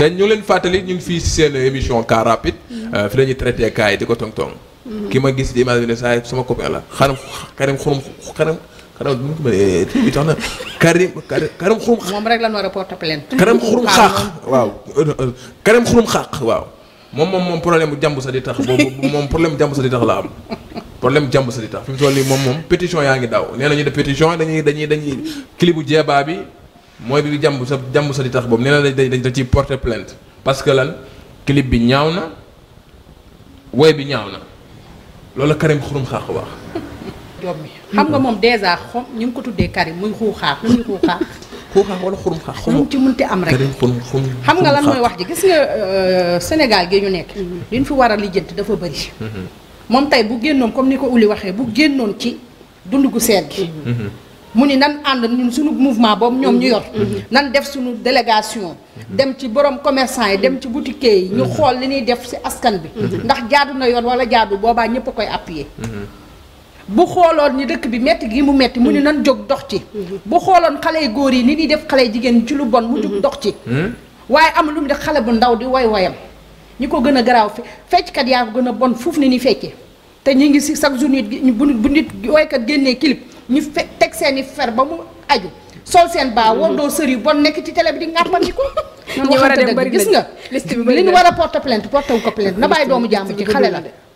te ñu leen fàttali ñu ngi fii si seen émission car rapide. Mm-hmm. Euh, fi la ñuy traité yi di ko tong tong. Mm-hmm. ki ma gis di image bi ne saa yi sama copain la xaram xaram xurum xaram xaram nu mu ko mënee bi tax na karim karim xurum. moom rek lan a porter plainte. karim xurum xaax waaw karim xurum xaq waaw. moom moom moom problème bu jàmb sax di tax boobu moom problème jàmb sa di tax la am problème jàmb sa di tax fi mu toll moom moom pétition yaa ngi daw nee nañu def pétition dañuy dañuy dañuy clip bu jeebaa bi. mooy bi jàmb sa jàmb sa di tax boobu nee na dañ dañ ciy porter plainte parce que lan clip bi ñaaw na woy bi ñaaw na loolu Karim xurum xaax wax. xam nga moom dèjà xom ñu ngi ko tuddee Karim muy xuuxaax lu muy xuuxaax. xuuxaax wala xurum xaax. lu mu ci munti am rek xam nga lan mooy wax ji gis nga euh, Sénégal gi ñu nekk. Mm-hmm. liñ fi war a lijjanti dafa bëri. Mm-hmm. moom tey bu génnoon comme ni ko Uli waxee bu génnoon ci dundu gu seet gi. Mm-hmm. mu ni nan ànd ñun suñu mouvement boobu ñoom ñu yor mhm. Mhm. nan def suñu délégation mhm. dem ci borom commerçant yi dem ci boutiquiers yi ñu xool li ñuy def ci askan bi ndax jaadu na yoon wala jaadu boobaa ñëpp a koy appuyer bu xooloon ni dëkk bi metti gi mu metti mu ni nan jóg dox ci bu xooloon xale yu góor yi ni ñuy def xale jigéen ci lu bon mu jóg dox ci waaye amul lu mu def xale bu ndaw di way woyam ñi ko gën a garaaw fe fecckat yaa ko gën a bon fuuf ni ni feccee te ñu ngi si chaque jour nit bu nit waykat génnee clip ñu fe seeni fer ba mu aju sol seen baa mm-hmm. wondoo sër yu bon nekk ci télé bi di ngàppandi ko a dem bari gis nga li ñu war porte plainte porte wu ko plainte na bàyyi doomu jàmm ci xale la